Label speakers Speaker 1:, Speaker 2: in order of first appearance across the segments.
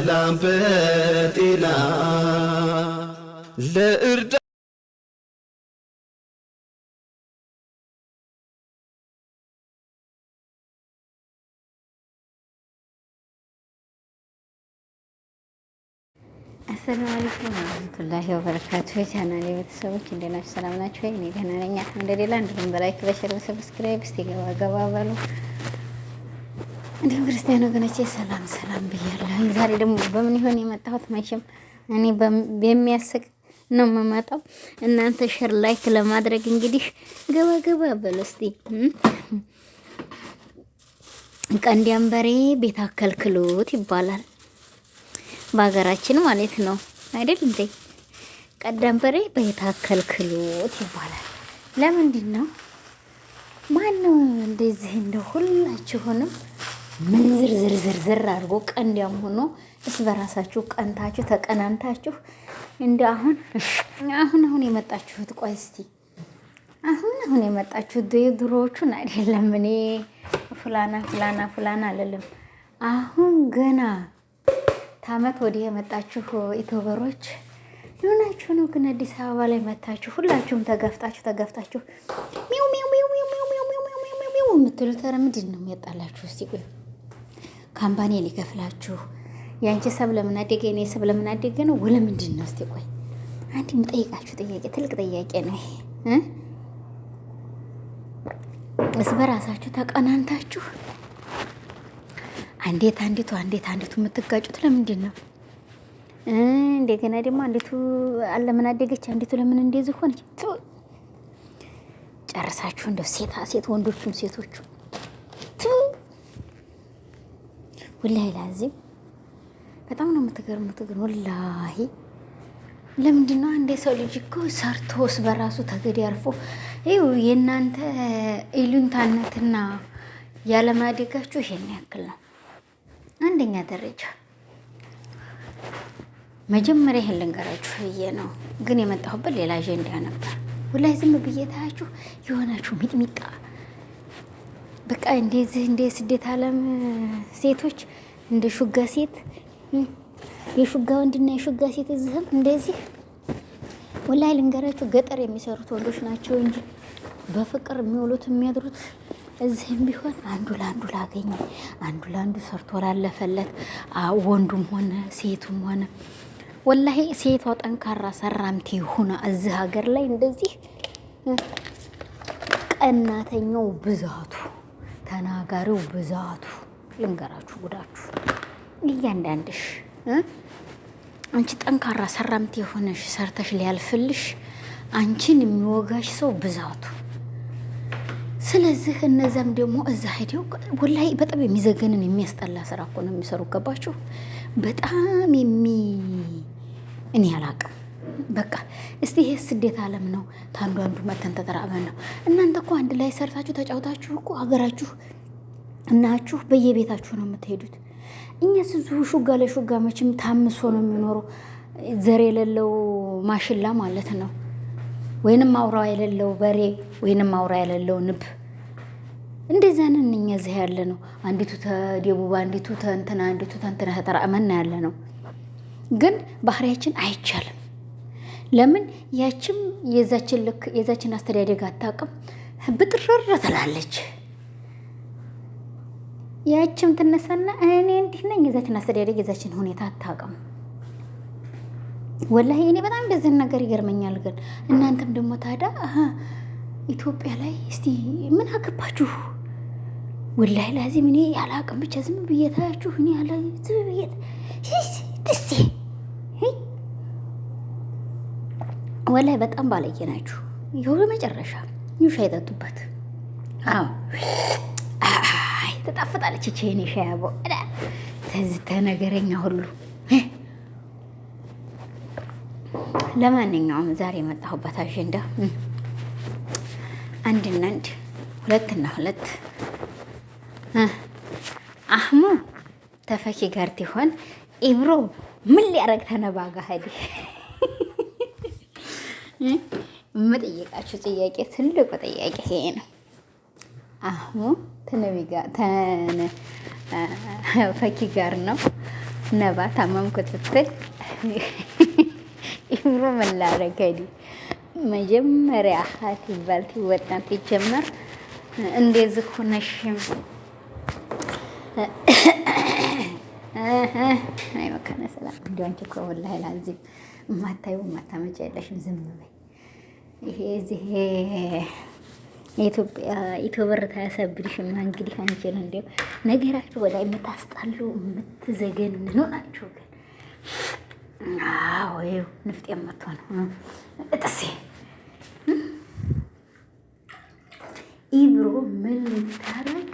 Speaker 1: በሰላም በጤና
Speaker 2: ለእርዳ አሰላሙ አለይኩም ወረህመቱላሂ ወበረካቱ። የቻናሌ ቤተሰቦች እንዴት ናችሁ? ሰላም ናችሁ ወይ? እኔ ደህና ነኝ አልሐምዱሊላህ። እንዲሁም በላይክ በሸር በሰብስክራይብ እስቲ ገባ ገባ በሉ እንዲሁም ክርስቲያን ወገኖች ሰላም ሰላም ብያለሁ። ዛሬ ደግሞ በምን ይሆን የመጣሁት? መቼም እኔ በሚያስቅ ነው የምመጣው። እናንተ ሸር ላይክ ለማድረግ እንግዲህ ገባ ገባ በሉ እስቲ። ቀንድ ቤት አከልክሉት ይባላል በሀገራችን ማለት ነው አይደል እንዴ? ቀንድ በሬ ቤት አከልክሉት ይባላል። ለምንድን ነው ነው እንደዚህ እንደ ሁላችሁንም ምን ዝርዝር ዝር አድርጎ ቀንዲያም ሆኖ እስ በራሳችሁ ቀንታችሁ ተቀናንታችሁ እንደ አሁን አሁን አሁን የመጣችሁት ቆይ እስቲ አሁን አሁን የመጣችሁት ድሮዎቹን አይደለም። እኔ ፍላና ፍላና ፍላና አልልም። አሁን ገና ታመት ወዲህ የመጣችሁ ኢትዮበሮች ይሆናችሁ ነው። ግን አዲስ አበባ ላይ መታችሁ ሁላችሁም ተገፍጣችሁ ተገፍጣችሁ ሚው ሚው ሚው ሚው ሚው ሚው ሚው ሚው የምትሉት ኧረ ምንድን ነው የሚያጣላችሁ? እስቲ ቆይ ካምፓኒ ሊከፍላችሁ የአንቺ ሰብ ለምን አደገ ሰብ ለምን አደገ ነው ወለ ምንድን ነው? እስቲ ቆይ አንድ የምጠይቃችሁ ጥያቄ ትልቅ ጥያቄ ነው እስ በራሳችሁ ተቀናንታችሁ አንዴት አንዲቱ አንዴት አንዲቱ የምትጋጩት ለምንድን ነው? እንደገና ደግሞ አንዲቱ ለምን አደገች አንዲቱ ለምን እንደዚህ ሆነች? ጨርሳችሁ እንደ ሴታ ሴት ወንዶቹም ሴቶቹም? ወላሂ ላዚም በጣም ነው የምትገርሙት። ግን ወላሂ ለምንድን ነው አንድ የሰው ልጅ እኮ ሰርቶስ በራሱ ተገድ ያርፎ ይው የእናንተ ኢሉንታነትና ያለማደጋችሁ ይሄን ያክል ነው። አንደኛ ደረጃ መጀመሪያ ይሄን ልንገራችሁ ብዬ ነው፣ ግን የመጣሁበት ሌላ አጀንዳ ነበር። ወላሂ ዝም ብዬ ታያችሁ የሆናችሁ ሚጥሚጣ በቃ እንደዚህ እንደ ስደት ዓለም ሴቶች እንደ ሹጋ ሴት የሹጋ ወንድና የሹጋ ሴት እዚህም እንደዚህ ወላሂ ልንገራችሁ ገጠር የሚሰሩት ወንዶች ናቸው እንጂ በፍቅር የሚውሉት የሚያድሩት እዚህም ቢሆን አንዱ ለአንዱ ላገኘ አንዱ ለአንዱ ሰርቶ ላለፈለት ወንዱም ሆነ ሴቱም ሆነ ወላሂ ሴቷ ጠንካራ ሰራምቴ ሆና እዚህ ሀገር ላይ እንደዚህ ቀናተኛው ብዛቱ ተናጋሪው ብዛቱ ልንገራችሁ ጉዳችሁ። እያንዳንድሽ አንቺ ጠንካራ ሰራምት የሆነሽ ሰርተሽ ሊያልፍልሽ አንቺን የሚወጋሽ ሰው ብዛቱ። ስለዚህ እነዚያም ደግሞ እዛ ሄደው ወላሂ በጣም የሚዘገንን የሚያስጠላ ስራ እኮ ነው የሚሰሩ። ገባችሁ? በጣም የሚ እኔ አላቅም በቃ እስቲ ይሄ ስደት ዓለም ነው። ታንዱ አንዱ መተን ተጠራበን ነው። እናንተ እኮ አንድ ላይ ሰርታችሁ ተጫውታችሁ እኮ ሀገራችሁ እናችሁ በየቤታችሁ ነው የምትሄዱት። እኛ ስዙ ሹጋ ለሹጋ መቼም ታምሶ ነው የሚኖረው ዘር የሌለው ማሽላ ማለት ነው፣ ወይንም አውራ የሌለው በሬ ወይንም አውራ የሌለው ንብ እንደዚያ እኛ ዚህ ያለ ነው። አንዲቱ ተደቡብ፣ አንዲቱ ተንትና፣ አንዲቱ ተንትና ተጠራመን ያለ ነው። ግን ባህሪያችን አይቻልም ለምን ያችም የዛችን ልክ የዛችን አስተዳደግ አታውቅም፣ ብጥርር ትላለች። ያችም ትነሳና እኔ እንዲህ ነኝ፣ የዛችን አስተዳደግ የዛችን ሁኔታ አታውቅም። ወላሂ እኔ በጣም እንደዚህ ነገር ይገርመኛል። ግን እናንተም ደግሞ ታዲያ ኢትዮጵያ ላይ እስቲ ምን አገባችሁ? ወላሂ ላዚም እኔ ያለ ብቻ ዝም ብዬታችሁ እኔ ያለ ዝም ብዬት ደሴ ወላይ በጣም ባለየ ናችሁ። የሁሉ መጨረሻ ኒሻ የጠጡበት ትጣፍጣለች። ቼን ሻያቦ ተነገረኛ ሁሉ። ለማንኛውም ዛሬ የመጣሁበት አጀንዳ አንድና አንድ ሁለትና ሁለት አህሙ ተፈኪ ጋር ትሆን ኢብሮ ምን ሊያረግ ተነባጋ የምጠይቃችሁ ጥያቄ ትልቁ ጥያቄ ይሄ ነው። አሁን ተነ ፈኪ ጋር ነው ነባ ታመምኩ ስትል ኢምሮ መላረገዲ መጀመሪያ ሀት ይባል ትወጣት ይጀመር እንደዚ ሆነሽም አይ መካነ ሰላም እንዲሁ አንቺ እኮ ወላሂ ላዚም ማታዩ ማታመጫ የለሽም። ዝም በይ። ይሄ እዚህ የኢትዮጵያ ኢትዮብር ታያሳብድሽና እንግዲህ አንቺን እንዲያው ነገራችሁ ወደ የምታስጣሉ የምትዘገንኑ ናችሁ። ግን አዎ ወይ ንፍጥ የመቶ ነው እጥሴ ኢብሮ ምን ልታረግ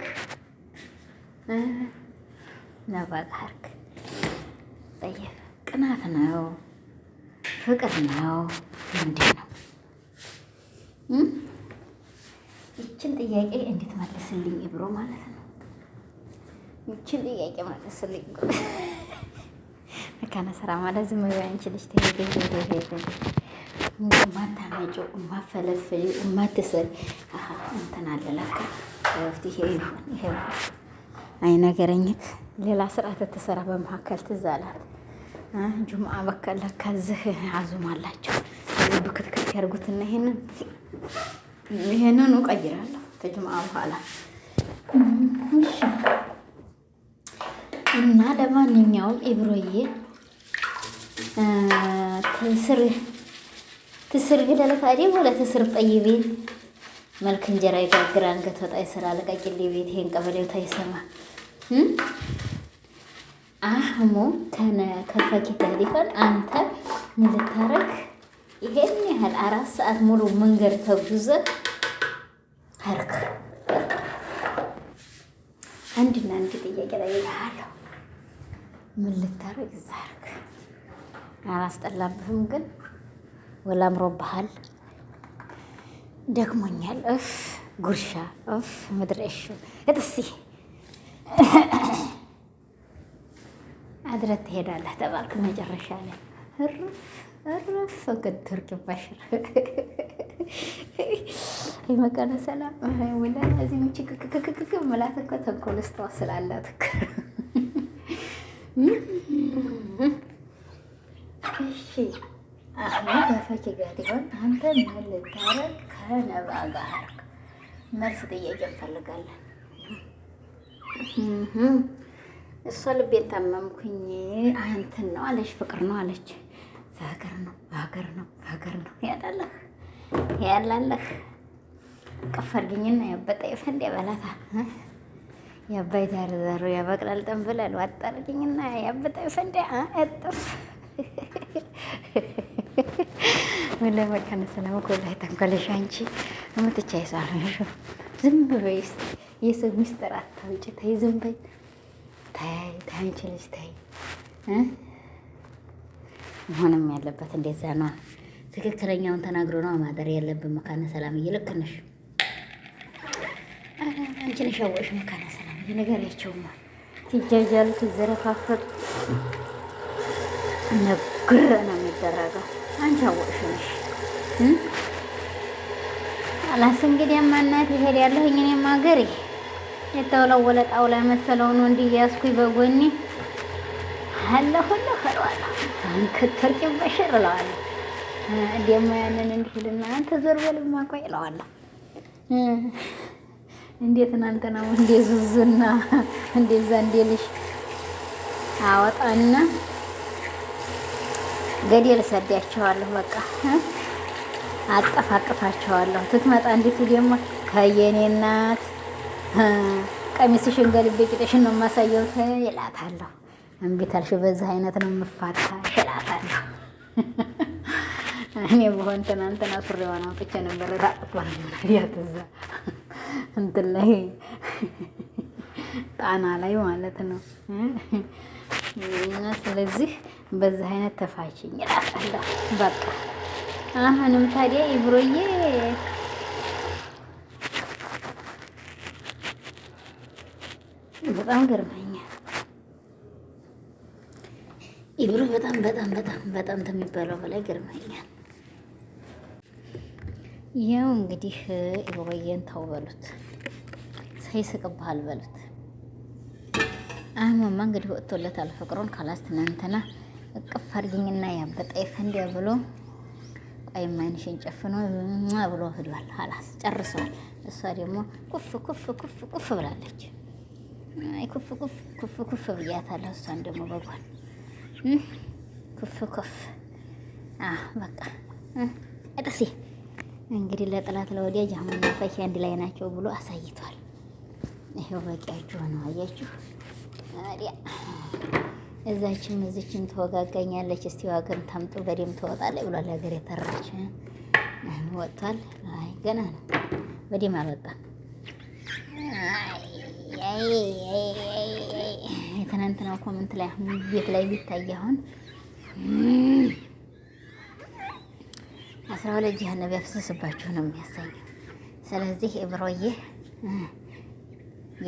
Speaker 2: ነባቃርክ ጠየፍ ቅናት ነው። ፍቅር ነው ምንድን ነው? ይችን ጥያቄ እንዴት መለስልኝ ብሮ ማለት ነው። ይችን ጥያቄ መለስልኝ መካነ ስራ ማለት ዝም ብሎ አንቺ ልጅ ተሄደ ሄደ ማታመጪው ማፈለፍዩ ማትሰል እንትን አለ ለካ ይሄ ይሁን ይሄ አይ ነገረኝት ሌላ ስርዓት ትሰራ በመካከል ትዝ አላት። ጁምአ በቃ ለካ እዚህ አዙማላቸው ብክትክት ያርጉትና ይሄንን ይሄንን ቀይራለሁ ከጁምአ በኋላ እና ለማንኛውም ኢብሮዬ ትስር ትስር ግለለት አዴ ወለ ትስር ጠይቤን መልክ እንጀራ ይጋግራን ገተጣይ ስራ ለቀቂል ቤት ይሄን ቀበሌው ታይሰማ አህሙ ከፈኪ ጋር አንተ ምልታረክ ይሄን ያህል አራት ሰዓት ሙሉ መንገድ ተጉዘ አርክ አንድና አንድ ጥያቄ ላይ ይልሃለሁ። ምን ልታረግ እዛ አላስጠላብህም? ግን ወላምሮ ባህል ደክሞኛል። እፍ ጉርሻ እፍ ምድር እሺ እጥሲ ሀድረት ትሄዳለህ ተባልክ። መጨረሻ ላይ እርፍ እርፍ ግድር ግባሽር የመቀነ ሰላም ወላ እዚህ ምችክክክክክ ምላት እኮ ተንኮል ስተዋ ስላላት እሺ አሁን በፈኪ ጋር ይሆን አንተ ምን ልታረግ ከነባ ጋር መልስ ጥያቄ እንፈልጋለን። እሷ ልቤን ታመምኩኝ እንትን ነው አለች፣ ፍቅር ነው አለች። ፍቅር ነው ፍቅር ነው ፍቅር ነው ያላለህ ያላለህ ቅፈርግኝና ያበጣ ይፈንድ ያበላታ የአባይ ዳር ዳሩ ያበቅላል ጠንብላል ዋጠርግኝና ያበጣ ይፈንድ እጥፍ ምን ለመቀነ ሰላም እኮ ላይ ተንኮለሽ አንቺ ምትቻ ይሳሉ ዝም በይ። የሰው ሚስጥር አታውጪ ተይ፣ ዝም በይ። ታይ ልጅ መሆንም ያለበት እንደዛ ነው። ትክክለኛውን ተናግሮ ነው ማደር ያለብን። መካነ ሰላም ልክ ነሽ አንቺ ነሽ ያወቅሽ። መካነ ሰላም ነገሪያቸውማ ትጃጃሉ፣ ትዘረፋፈጡ ነግር ነው የሚደረገው። አንቺ ያወቅሽ ነሽ። አላስ እንግዲህ ማናት ይሄድ ያለሁኝ እኔም አገሬ የተወለወለ ጣውላ መሰለውን ወንድ እያያዝኩኝ በጎኔ አለሁለሁ እለዋለሁ። ክትርቅ በሽር እለዋለሁ። ደግሞ ያንን እንዲህ ልና አንተ ዞር በልማ ቆይ እለዋለሁ። እንዴ ነው እንዴ ዙዙና እንደዛ እንዴ ልሽ አወጣና ገደል ሰዳያቸዋለሁ በቃ አጠፋ ትትመጣ እንዴት ደግሞ ከየኔ እናት ቀሚስሽን ገልቤ ቂጥሽን ነው የማሳየው እላታለሁ። እምቢ ታልሽ በዚህ አይነት ነው የምፋታ እላታለሁ። እኔ በሆን ትናንትና ሱሪዋን አውጥቼ ነበረ ታጥቋል ምናያት እንትን ላይ ጣና ላይ ማለት ነው። ስለዚህ በዚህ አይነት ተፋችኝ እላታለሁ። በቃ አሁንም ታዲያ ይብሮዬ በጣም ገርመኛል። ኢብሮ በጣም በጣም በጣም በጣም ከሚባለው በላይ ገርመኛል። ያው እንግዲህ ኢብሮዬን ተው በሉት፣ ሳይስቅብሃል በሉት። አህመማ እንግዲህ ወጥቶለታል ፍቅሩን። ካላስ ትናንትና እቅፍ አድርጊኝና ያበጠ ፈንዲያ ብሎ ቀይ አይንሽን ጨፍኖ ብሎ ሂዷል። ካላስ ጨርሷል። እሷ ደግሞ ኩፍ ኩፍ ኩፍ ኩፍ ብላለች። ኩፍ ኩፍ ኩፍ ኩፍ ብያታለሁ። እሷን ደግሞ በጎን ኩፍ ኩፍ በቃ እጥሴ እንግዲህ ለጥላት ለወዲያ ጃማና ፈኪ አንድ ላይ ናቸው ብሎ አሳይቷል። ይሄው በቂያችሁ ነው። አያችሁ ተወጋጋኛለች። እስቲ ዋገም ታምጡ በደም ብሏል። ሀገር የተራች ወጥቷል። አይ ገና ነው፣ በደም አልወጣም። ነው ኮመንት ላይ አሁን ቤት ላይ ቢታይ አሁን አስራ ሁለት ጀሃነብ ያፍሰስባችሁ ነው የሚያሳየው። ስለዚህ እብሮዬ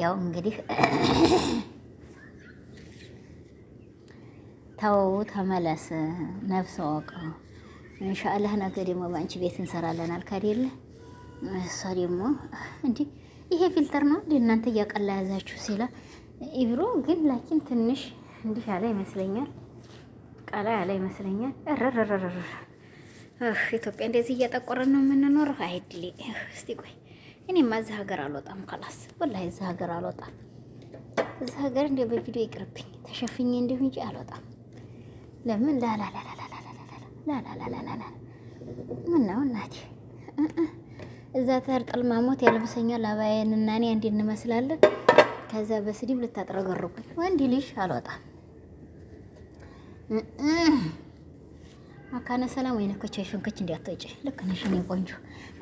Speaker 2: ያው እንግዲህ ተው ተመለስ፣ ነፍስ ወቀ ኢንሻአላህ ነገ ደግሞ በአንቺ ቤት እንሰራለን አልክ አይደለ? እሷ ደግሞ እንዲህ ይሄ ፊልተር ነው እንደ እናንተ እያቀላ ያዛችሁ ሲላ ኢብሮ ግን ላኪን ትንሽ እንዲህ ያለ ይመስለኛል፣ ቀላ ያለ ይመስለኛል። ረረረረረ ኢትዮጵያ እንደዚህ እያጠቆረን ነው የምንኖረው። አይድሌ እስቲ ቆይ እኔማ እዚህ ሀገር አልወጣም። ከላስ ወላሂ እዚህ ሀገር አልወጣም። እዚህ ሀገር እንደ በቪዲዮ ይቅርብኝ ተሸፍኝ እንዲሁ እንጂ አልወጣም። ለምን ላላላላላላላላላላላላላ ምነው እናቴ እዛ ተርጠል ማሞት ያልብሰኛል። እኔ አንድ እንመስላለን። ከዛ በስድብ ልታጥረገርጉኝ ወንድ ልጅ አልወጣም። መካነ ሰላም ወይ ነከቻ ሽንከች እንዲያተጭ ልክ ነሽ። እኔ ቆንጆ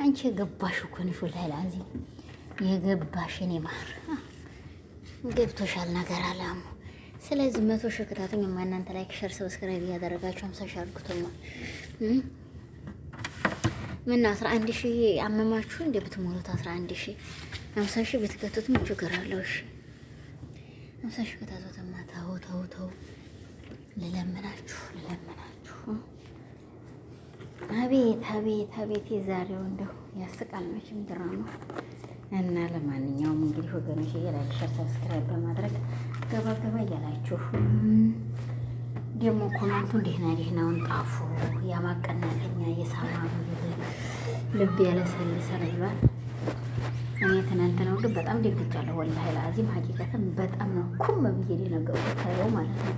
Speaker 2: አንቺ የገባሽ እኮ ነሽ። ወላሂ ላዚ የገባሽ እኔ ማር ገብቶሻል ነገር አላሙ። ስለዚህ መቶ ሺህ ክታቱኝ እናንተ ላይክ፣ ሸር፣ ሰብስክራይብ እያደረጋችሁ ሀምሳ ሺህ ምን አስራ አንድ ሺህ አመማችሁ እንደ ብትሞሉት አስራ አንድ ሺህ ሀምሳ ሺህ ምን ችግር አለው? እሺ ሙሰሽ ከታዞተማ ተው ተው ተው፣ ልለምናችሁ ልለምናችሁ። አቤት አቤት አቤት፣ የዛሬው እንደው ያስቃል መቼም ድራማ እና ለማንኛውም እንግዲህ ወገኖች እያላል ሸር ሰብስክራይብ በማድረግ ገባ ገባ እያላችሁ ደግሞ ኮመንቱ ደህና ደህናውን ጣፉ። ያማቀናተኛ የሳማ ልብ ያለሰልሰ ይሏል እኔ ትናንትናው ግን በጣም ደንግጫለሁ። ወላሂ ለአዚም ሀቂቀትን በጣም ነው ኩም ብዬ ነገሩ ታየው ማለት ነው።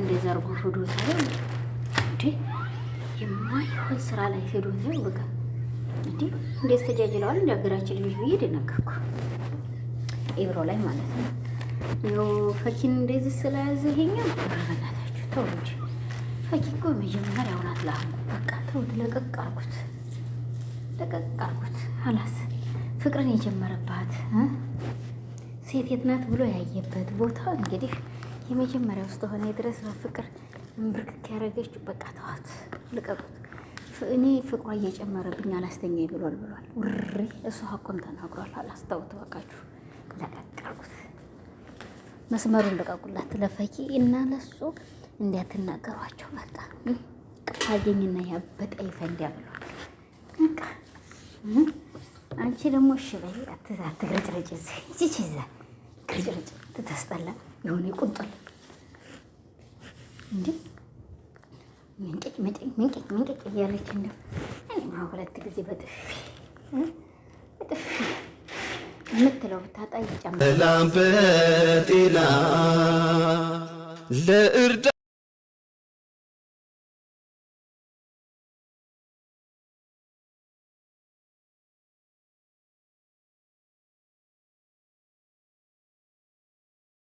Speaker 2: እንደዛ አርጎ ሄዶ ሳይሆን እንዴ የማይሆን ስራ ላይ ሄዶ ሳይሆን በቃ እንዴ እንዴት ተጃጅለዋል እንደ ሀገራችን ልጅ ብዬ ደነገርኩ። ኢብሮ ላይ ማለት ነው። ያው ፈኪን እንደዚህ ስለያዘ ይሄኛ ረበናታችሁ ተው እንጂ ፈኪ እኮ መጀመሪያውን አትላኩ። በቃ ተውት፣ ለቀቅ አርጉት፣ ለቀቅ አርጉት አላስ ፍቅርን የጀመረባት ሴት የት ናት ብሎ ያየበት ቦታ እንግዲህ የመጀመሪያው ስለሆነ ድረስ በፍቅር እምብርክክ ያደረገችው በቃ ተዋት፣ ልቀቁት፣ እኔ ፍቅሯ እየጨመረብኝ አላስተኛ ብሏል ብሏል። ውሪ እሱ ሀኮን ተናግሯል። አላስታውት በቃችሁ፣ ለቀቀቁት፣ መስመሩን ልቀቁላት። ለፈቂ እና ለሱ እንዲያትናገሯቸው በቃ ቃገኝና ያበጠ ይፈንዲያ ብሏል በቃ አንቺ ደግሞ እሺ በይ፣ አትግረጭረጭ። ይቺ ይዛ ግረጭረጭ ትታስጠላ የሆነ ቁንጥል እንዲ ምንቅጭ ምንቅጭ እያለች እንደው እኔማ ሁለት ጊዜ በጥፊ በጥፊ የምትለው ብታጣ ይጨምራል ለእርዳ